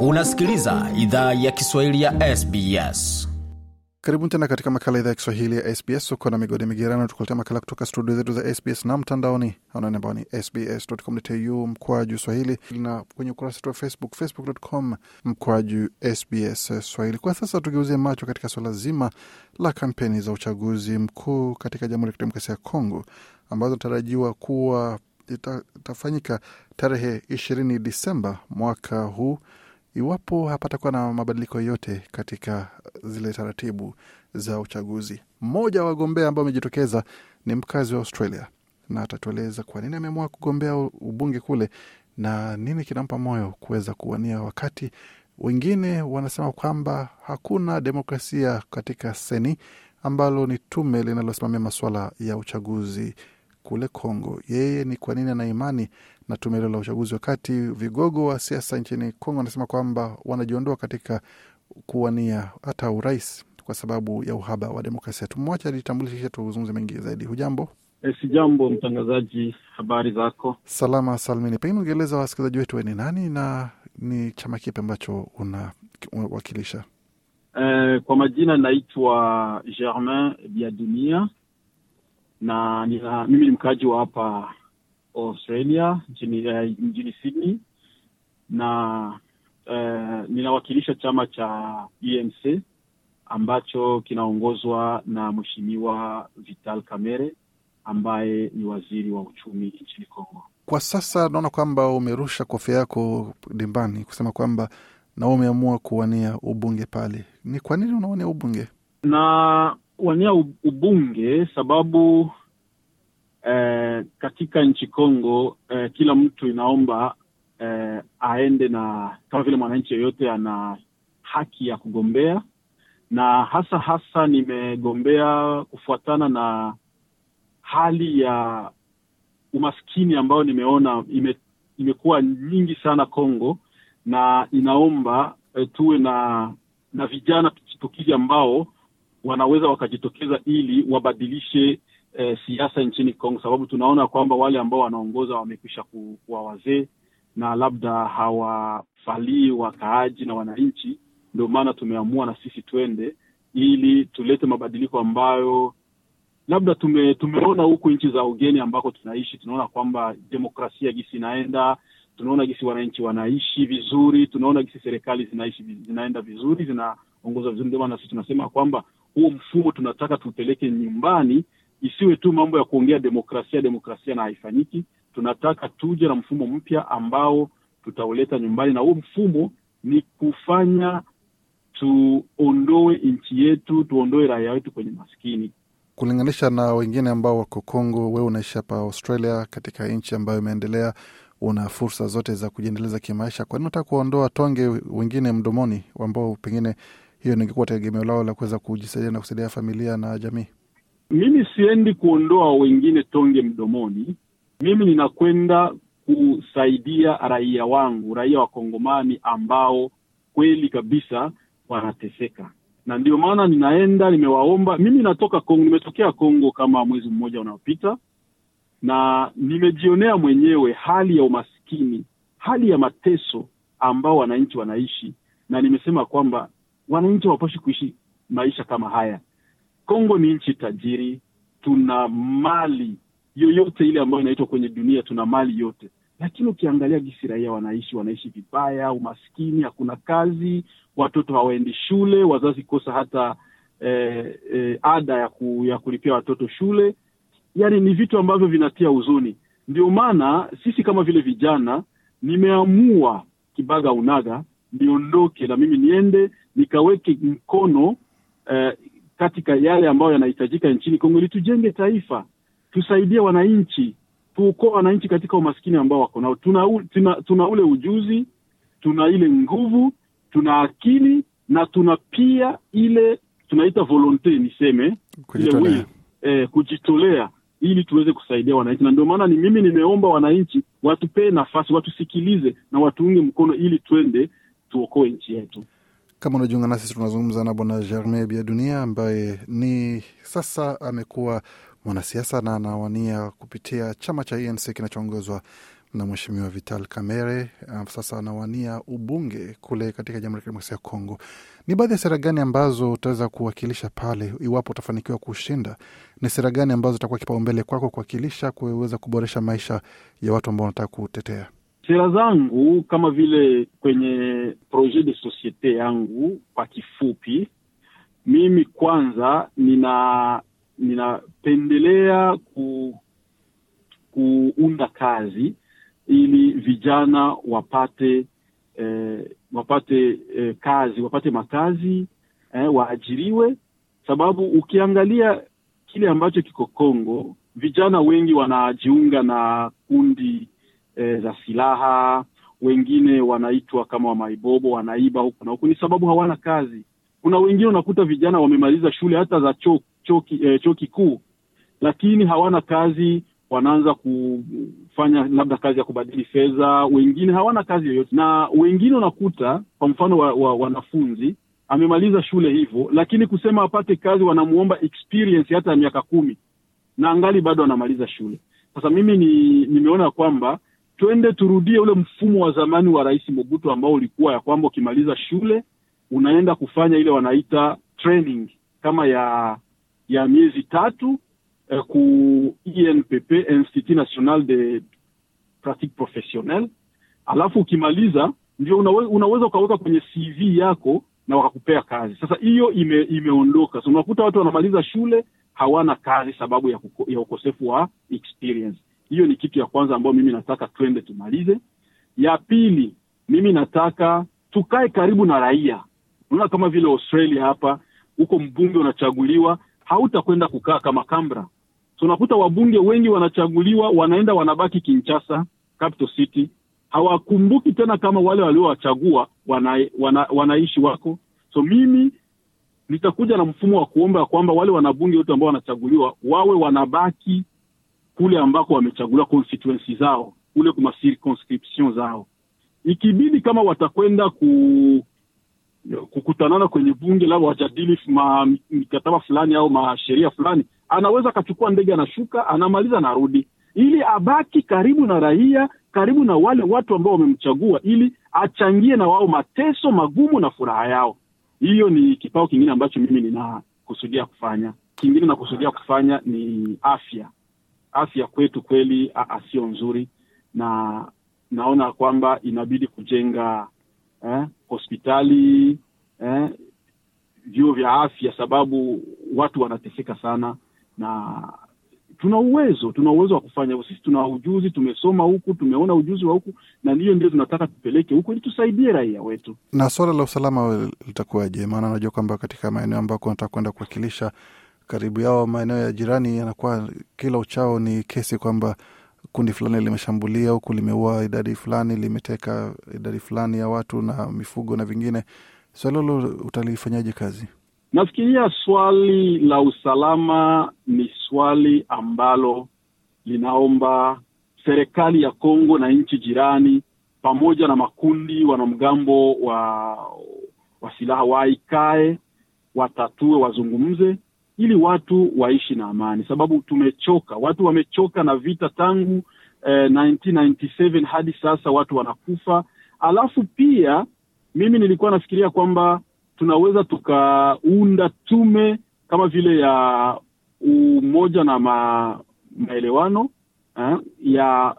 Unasikiliza idhaa ya Kiswahili ya SBS. Karibuni tena katika makala idhaa ya Kiswahili ya SBS. Uko na migodi migerano, tukuletea makala kutoka studio zetu za SBS na mtandaoni, anaone ambao ni sbs.com.au mkwaju swahili, na kwenye ukurasa wetu wa Facebook, facebook.com mkwaju SBS swahili. Kwa sasa tugeuzie macho katika suala zima la kampeni za uchaguzi mkuu katika Jamhuri ya Kidemokrasia ya Kongo ambazo natarajiwa kuwa itafanyika tarehe 20 Disemba mwaka huu iwapo hapatakuwa na mabadiliko yote katika zile taratibu za uchaguzi. Mmoja wa wagombea ambao amejitokeza ni mkazi wa Australia na atatueleza kwa nini ameamua kugombea ubunge kule na nini kinampa moyo kuweza kuwania, wakati wengine wanasema kwamba hakuna demokrasia katika seni ambalo ni tume linalosimamia masuala ya uchaguzi kule Kongo. Yeye ni kwa nini ana imani na tume hilo la uchaguzi, wakati vigogo wa siasa nchini Kongo wanasema kwamba wanajiondoa katika kuwania hata urais kwa sababu ya uhaba wa demokrasia. Tumwache alitambulisha kisha tuzungumze mengi zaidi. Hujambo? E, si jambo mtangazaji, habari zako? Salama salmini. Pengine ungeeleza wasikilizaji wetu we ni nani na ni chama kipi ambacho unawakilisha? E, kwa majina naitwa Germain Biadunia na nina, mimi ni mkaaji wa hapa Australia eh, mjini uh, Sydney na uh, ninawakilisha chama cha UMC e ambacho kinaongozwa na Mheshimiwa Vital camere ambaye ni waziri wa uchumi nchini Kongo. Kwa sasa naona kwamba umerusha kofia yako dimbani kusema kwamba na umeamua kuwania ubunge pale. Ni kwa nini unawania ubunge? Na wania ubunge sababu eh, katika nchi Kongo eh, kila mtu inaomba eh, aende na kama vile mwananchi yeyote ana haki ya kugombea, na hasa hasa nimegombea kufuatana na hali ya umaskini ambayo nimeona ime, imekuwa nyingi sana Kongo, na inaomba eh, tuwe na na vijana tukijitokezi ambao wanaweza wakajitokeza ili wabadilishe e, siasa nchini Kongo, sababu tunaona kwamba wale ambao wanaongoza wamekwisha kuwa wazee na labda hawafalii wakaaji na wananchi. Ndio maana tumeamua na sisi tuende ili tulete mabadiliko ambayo labda tume, tumeona huku nchi za ugeni ambako tunaishi. Tunaona kwamba demokrasia gisi inaenda, tunaona gisi wananchi wanaishi vizuri, tunaona gisi serikali zinaishi zinaenda vizuri, zinaongoza vizuri. Ndio maana sisi tunasema kwamba huo mfumo tunataka tupeleke nyumbani, isiwe tu mambo ya kuongea demokrasia demokrasia na haifanyiki. Tunataka tuje na mfumo mpya ambao tutauleta nyumbani, na huo mfumo ni kufanya tuondoe nchi yetu, tuondoe raia wetu kwenye maskini kulinganisha na wengine ambao wako Kongo. Wewe unaishi hapa Australia, katika nchi ambayo imeendelea, una fursa zote za kujiendeleza kimaisha. Kwa nini unataka kuondoa tonge wengine mdomoni, ambao pengine hiyo ningekuwa tegemeo lao la kuweza kujisaidia na kusaidia familia na jamii? Mimi siendi kuondoa wengine tonge mdomoni, mimi ninakwenda kusaidia raia wangu, raia wa kongomani ambao kweli kabisa wanateseka, na ndio maana ninaenda, nimewaomba. Mimi natoka Kongo, nimetokea Kongo kama mwezi mmoja unaopita, na nimejionea mwenyewe hali ya umaskini, hali ya mateso ambao wananchi wanaishi, na nimesema kwamba wananchi hawapashi kuishi maisha kama haya. Kongo ni nchi tajiri, tuna mali yoyote ile ambayo inaitwa kwenye dunia, tuna mali yote, lakini ukiangalia gisi raia wanaishi, wanaishi vibaya, umaskini, hakuna kazi, watoto hawaendi shule, wazazi kosa hata eh, eh, ada ya, ku, ya kulipia watoto shule. Yani ni vitu ambavyo vinatia huzuni. Ndio maana sisi kama vile vijana, nimeamua kibaga unaga niondoke na mimi niende nikaweke mkono eh, katika yale ambayo yanahitajika nchini Kongo ili tujenge taifa, tusaidie wananchi, tuokoe wananchi katika umaskini ambao wako nao. Tuna, tuna, tuna ule ujuzi, tuna ile nguvu, tuna akili na tuna pia ile tunaita volonte, niseme kujitolea. Ile we, eh, kujitolea ili tuweze kusaidia wananchi, na ndio maana ni mimi nimeomba wananchi watupee nafasi, watusikilize na watuunge mkono ili twende tuokoe nchi yetu. Kama unajiunga nasi, tunazungumza na Bwana Germain Biadunia ambaye ni sasa amekuwa mwanasiasa na anawania kupitia chama cha ANC kinachoongozwa na Mheshimiwa Vital Kamerhe. Ah, sasa anawania ubunge kule katika Jamhuri ya Kidemokrasia ya Kongo. Ni baadhi ya sera gani ambazo utaweza kuwakilisha pale iwapo utafanikiwa kushinda? Ni sera gani ambazo itakuwa kipaumbele kwako kuwakilisha, kuweza kuboresha maisha ya watu ambao wanataka kutetea? Sera zangu kama vile kwenye projet de societe yangu, kwa kifupi, mimi kwanza nina ninapendelea ku, kuunda kazi ili vijana wapate eh, wapate eh, kazi wapate makazi eh, waajiriwe, sababu ukiangalia kile ambacho kiko Kongo, vijana wengi wanajiunga na kundi e, za silaha, wengine wanaitwa kama wamaibobo, wanaiba huku na huku, ni sababu hawana kazi. Kuna wengine unakuta vijana wamemaliza shule hata za cho, cho, eh, kikuu, lakini hawana kazi, wanaanza kufanya labda kazi ya kubadili fedha, wengine hawana kazi yoyote, na wengine unakuta kwa mfano wa, wa, wanafunzi amemaliza shule hivyo, lakini kusema apate kazi wanamuomba experience hata ya miaka kumi na angali bado anamaliza shule. Sasa mimi ni, nimeona kwamba twende turudie ule mfumo wa zamani wa Rais Mobutu ambao ulikuwa ya kwamba ukimaliza shule unaenda kufanya ile wanaita training kama ya ya miezi tatu eh, ku INPP e Institut National de Pratique Professionnelle, alafu ukimaliza ndio unawe, unaweza ukaweka kwenye CV yako na wakakupea kazi. Sasa hiyo ime, imeondoka. So unakuta watu wanamaliza shule hawana kazi sababu ya, kuko, ya ukosefu wa experience. Hiyo ni kitu ya kwanza ambayo mimi nataka twende tumalize. Ya pili, mimi nataka tukae karibu na raia. Unaona kama vile Australia hapa, huko mbunge unachaguliwa, hautakwenda kukaa kama Canberra. Tunakuta wabunge wengi wanachaguliwa, wanaenda wanabaki Kinshasa, capital city, hawakumbuki tena kama wale waliowachagua wana, wana, wanaishi wako. So mimi nitakuja na mfumo wa kuomba kwamba wale wanabunge wote ambao wanachaguliwa wawe wanabaki kule ambako wamechaguliwa constituency zao kule kuma circonscription zao. Ikibidi kama watakwenda ku kukutanana kwenye bunge labda wajadili mikataba fulani au masheria fulani, anaweza akachukua ndege, anashuka, anamaliza, anarudi, ili abaki karibu na raia, karibu na wale watu ambao wamemchagua, ili achangie na wao mateso magumu na furaha yao. Hiyo ni kipao kingine ambacho mimi ninakusudia kufanya. Kingine nakusudia kufanya ni afya afya kwetu kweli sio nzuri, na naona kwamba inabidi kujenga eh, hospitali eh, vyuo vya afya, sababu watu wanateseka sana, na tuna uwezo tuna uwezo wa kufanya hivo Sisi tuna ujuzi, tumesoma huku, tumeona ujuzi wa huku, na hiyo ndio tunataka tupeleke huku ili tusaidie raia wetu. Na swala la usalama litakuwaje? Maana najua kwamba katika maeneo ambako nataka kwenda kuwakilisha karibu yao, maeneo ya jirani, yanakuwa kila uchao ni kesi kwamba kundi fulani limeshambulia huku, limeua idadi fulani, limeteka idadi fulani ya watu na mifugo na vingine. swali hilo utalifanyaje kazi? Nafikiria swali la usalama ni swali ambalo linaomba serikali ya Kongo na nchi jirani pamoja na makundi wanamgambo wa, wa silaha waikae, watatue, wazungumze ili watu waishi na amani, sababu tumechoka, watu wamechoka na vita tangu eh, 1997 hadi sasa watu wanakufa. Alafu pia mimi nilikuwa nafikiria kwamba tunaweza tukaunda tume kama vile ya umoja na ma, maelewano eh, ya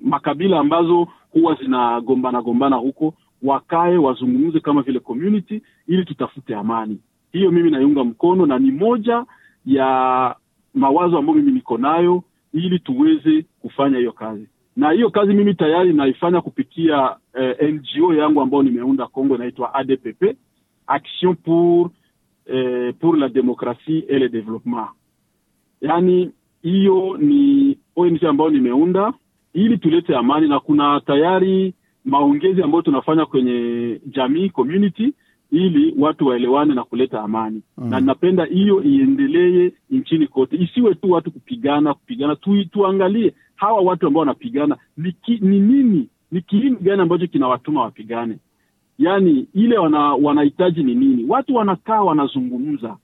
makabila ambazo huwa zinagombana gombana huko, wakae wazungumze kama vile community, ili tutafute amani. Hiyo mimi naiunga mkono na ni moja ya mawazo ambayo mimi niko nayo ili tuweze kufanya hiyo kazi, na hiyo kazi mimi tayari naifanya kupitia eh, NGO yangu ambayo nimeunda Kongo, inaitwa ADPP, Action pour eh, pour la démocratie et le développement. Yaani hiyo ni ONG ambayo nimeunda ili tulete amani, na kuna tayari maongezi ambayo tunafanya kwenye jamii community ili watu waelewane na kuleta amani mm. Na napenda hiyo iendelee nchini kote, isiwe tu watu kupigana kupigana tu. Tuangalie hawa watu ambao wanapigana ni nini, ni kiini gani ambacho kinawatuma wapigane? Yaani ile wanahitaji ni nini? Watu wanakaa wanazungumza,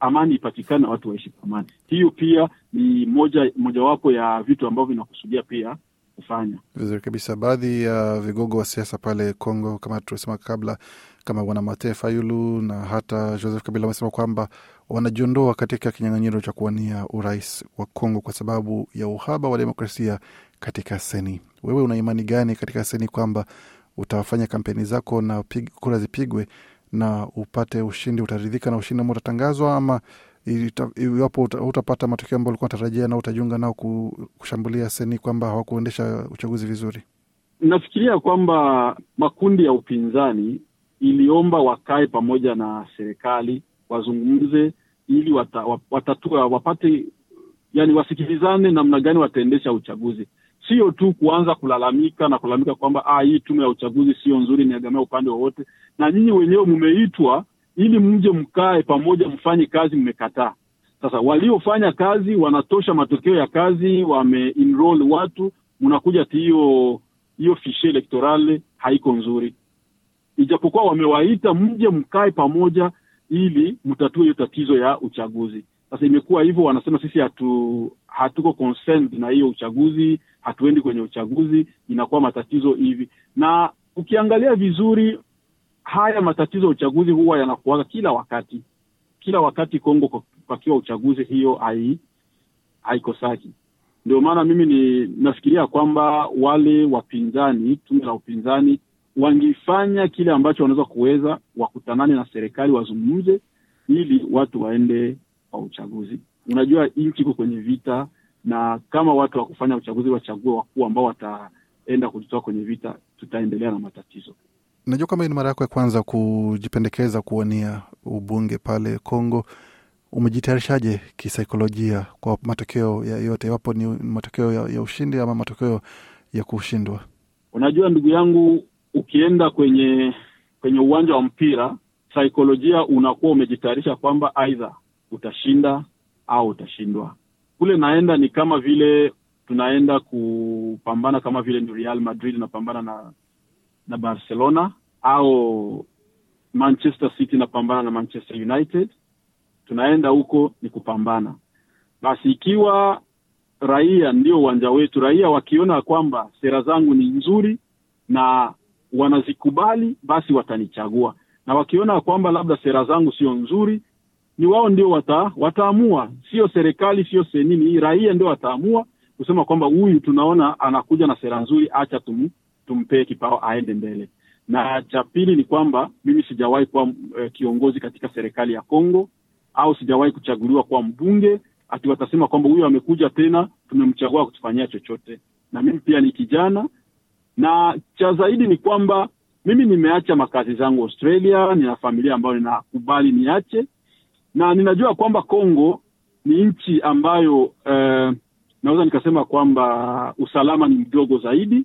amani ipatikane na watu waishi kwa amani. Hiyo pia ni moja mojawapo ya vitu ambavyo vinakusudia pia kufanya vizuri kabisa. Baadhi ya uh, vigogo wa siasa pale Kongo, kama tulisema kabla, kama bwana Mate Fayulu na hata Joseph Kabila wamesema kwamba wanajiondoa katika kinyang'anyiro cha kuwania urais wa Kongo kwa sababu ya uhaba wa demokrasia katika seni. Wewe una imani gani katika seni kwamba utafanya kampeni zako na pig, kura zipigwe na upate ushindi? Utaridhika na ushindi ambao utatangazwa ama iwapo hutapata matokeo ambayo ulikuwa natarajia na utajiunga nao kushambulia seni kwamba hawakuendesha uchaguzi vizuri? Nafikiria kwamba makundi ya upinzani iliomba wakae pamoja na serikali wazungumze, ili wata, wapate, yani wasikilizane namna gani wataendesha uchaguzi, sio tu kuanza kulalamika na kulalamika kwamba ah, hii tume ya uchaguzi sio nzuri, niagamia upande wowote, na nyinyi wenyewe mumeitwa ili mje mkae pamoja, mfanye kazi, mmekataa. Sasa waliofanya kazi wanatosha matokeo ya kazi, wame watu, mnakuja ti hiyo hiyo fishe elektorale haiko nzuri, ijapokuwa wamewaita mje mkae pamoja ili mtatue hiyo tatizo ya uchaguzi. Sasa imekuwa hivyo, wanasema sisi hatu hatuko concerned na hiyo uchaguzi, hatuendi kwenye uchaguzi, inakuwa matatizo hivi. Na ukiangalia vizuri, haya matatizo ya uchaguzi huwa yanakuaga kila wakati, kila wakati Kongo pakiwa uchaguzi, hiyo haikosaki. Ndio maana mimi ni nafikiria kwamba wale wapinzani, tume la upinzani wangifanya kile ambacho wanaweza kuweza, wakutanane na serikali, wazungumze ili watu waende kwa uchaguzi. Unajua, nchi iko kwenye vita, na kama watu wakufanya uchaguzi wachague wakuu ambao wataenda kujitoa kwenye vita, tutaendelea na matatizo najua kama ni mara yako ya kwanza kujipendekeza kuwania ubunge pale Kongo, umejitayarishaje kisaikolojia kwa matokeo yayote iwapo ni matokeo ya, ya ushindi ama matokeo ya kushindwa? Unajua ndugu yangu, ukienda kwenye kwenye uwanja wa mpira, saikolojia unakuwa umejitayarisha kwamba aidha utashinda au utashindwa. Kule naenda ni kama vile tunaenda kupambana, kama vile ni Real Madrid napambana na na Barcelona au Manchester City napambana na Manchester United, tunaenda huko ni kupambana. Basi ikiwa raia ndio uwanja wetu, raia wakiona kwamba sera zangu ni nzuri na wanazikubali, basi watanichagua, na wakiona kwamba labda sera zangu sio nzuri, ni wao ndio wata, wataamua, sio serikali, sio senini, raia ndio wataamua kusema kwamba huyu tunaona anakuja na sera nzuri, acha tumu tumpee kipao aende mbele. Na cha pili ni kwamba mimi sijawahi kuwa e, kiongozi katika serikali ya Kongo au sijawahi kuchaguliwa kwa mbunge ati watasema kwamba huyo amekuja tena tumemchagua kutufanyia chochote. Na mimi pia ni kijana, na cha zaidi ni kwamba mimi nimeacha makazi zangu Australia, nina familia ambayo ninakubali niache, na ninajua kwamba Kongo ni nchi ambayo eh, naweza nikasema kwamba usalama ni mdogo zaidi,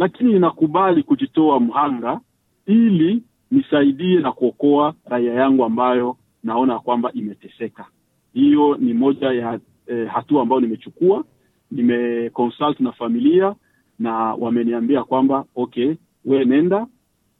lakini ninakubali kujitoa mhanga ili nisaidie na kuokoa raia yangu ambayo naona kwamba imeteseka. Hiyo ni moja ya eh, hatua ambayo nimechukua. Nimeconsult na familia na wameniambia kwamba okay, we nenda,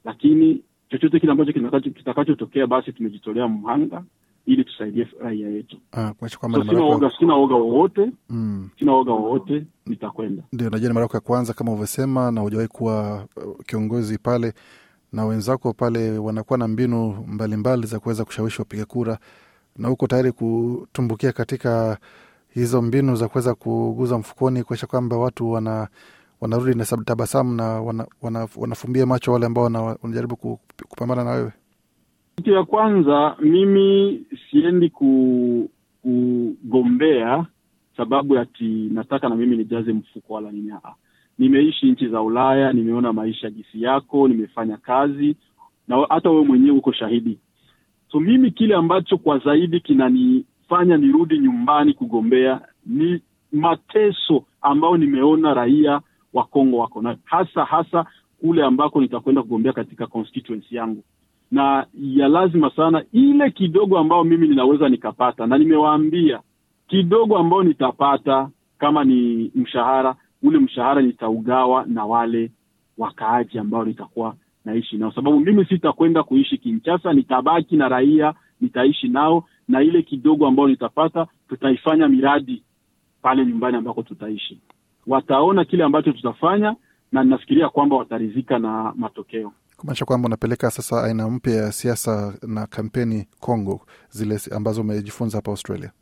lakini chochote kile ambacho kitakachotokea, basi tumejitolea mhanga ili tusaidie raia yetu. Ah, so, sina wowote, mm. sina woga wowote nitakwenda. Ndio, najua ni mara yako ya kwanza kama ulivyosema, na hujawahi kuwa uh, kiongozi pale, na wenzako pale wanakuwa na mbinu mbalimbali mbali za kuweza kushawishi wapiga kura, na uko tayari kutumbukia katika hizo mbinu za kuweza kuguza mfukoni, kuesha kwamba watu wana wanarudi na tabasamu na wana, wana, wanafumbia macho wale ambao wanajaribu kupambana na wewe? Kitu ya kwanza, mimi siendi ku, kugombea sababu ati nataka na mimi nijaze mfuko wala nini. Nimeishi nchi za Ulaya, nimeona maisha gisi yako, nimefanya kazi na hata wewe mwenyewe uko shahidi. So mimi kile ambacho kwa zaidi kinanifanya nirudi nyumbani kugombea ni mateso ambayo nimeona raia wa Kongo wako na hasa hasa kule ambako nitakwenda kugombea katika constituency yangu, na ya lazima sana ile kidogo ambayo mimi ninaweza nikapata, na nimewaambia kidogo ambao nitapata kama ni mshahara ule mshahara nitaugawa na wale wakaaji ambao nitakuwa naishi nao, sababu mimi sitakwenda kuishi kinchasa nitabaki na raia, nitaishi nao, na ile kidogo ambayo nitapata tutaifanya miradi pale nyumbani ambako tutaishi. Wataona kile ambacho tutafanya, na ninafikiria kwamba watarizika na matokeo. Kumaanisha kwamba unapeleka sasa aina mpya ya siasa na kampeni Congo, zile ambazo umejifunza hapa Australia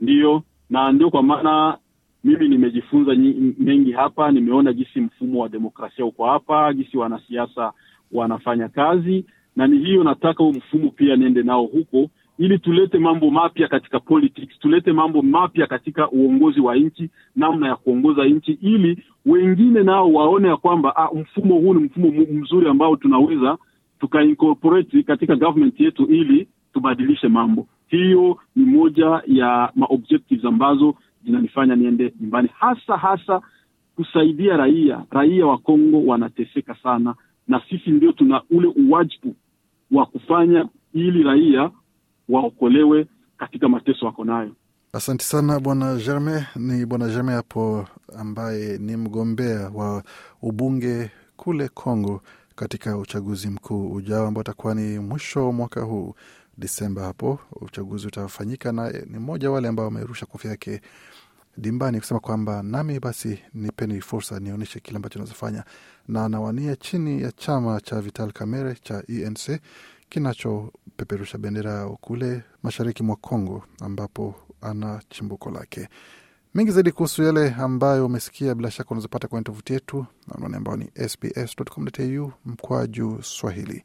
ndiyo, na ndio kwa maana mimi nimejifunza mengi hapa. Nimeona jinsi mfumo wa demokrasia uko hapa, jinsi wanasiasa wanafanya kazi, na ni hiyo nataka huu mfumo pia niende nao huko, ili tulete mambo mapya katika politics, tulete mambo mapya katika uongozi wa nchi, namna ya kuongoza nchi, ili wengine nao waone ya kwamba ah, mfumo huu ni mfumo mzuri ambao tunaweza tukaincorporate katika government yetu ili tubadilishe mambo hiyo ni moja ya maobjectives ambazo zinanifanya niende nyumbani, hasa hasa kusaidia raia. Raia wa Kongo wanateseka sana, na sisi ndio tuna ule uwajibu wa kufanya ili raia waokolewe katika mateso wako nayo. Asante sana bwana Germain. Ni bwana Germain hapo ambaye ni mgombea wa ubunge kule congo katika uchaguzi mkuu ujao ambao utakuwa ni mwisho wa mwaka huu. Disemba hapo uchaguzi utafanyika, na ni mmoja wale ambao wamerusha kofia yake dimbani kusema kwamba nami basi nipeni fursa nionyeshe kile ambacho nazofanya, na anawania chini ya chama cha Vital Kamerhe cha ENC kinachopeperusha bendera kule mashariki mwa Congo ambapo ana chimbuko lake. Mengi zaidi kuhusu yale ambayo umesikia, bila shaka unazopata kwenye tovuti yetu, anwani ambayo ni sbs.com.au mkwaju Swahili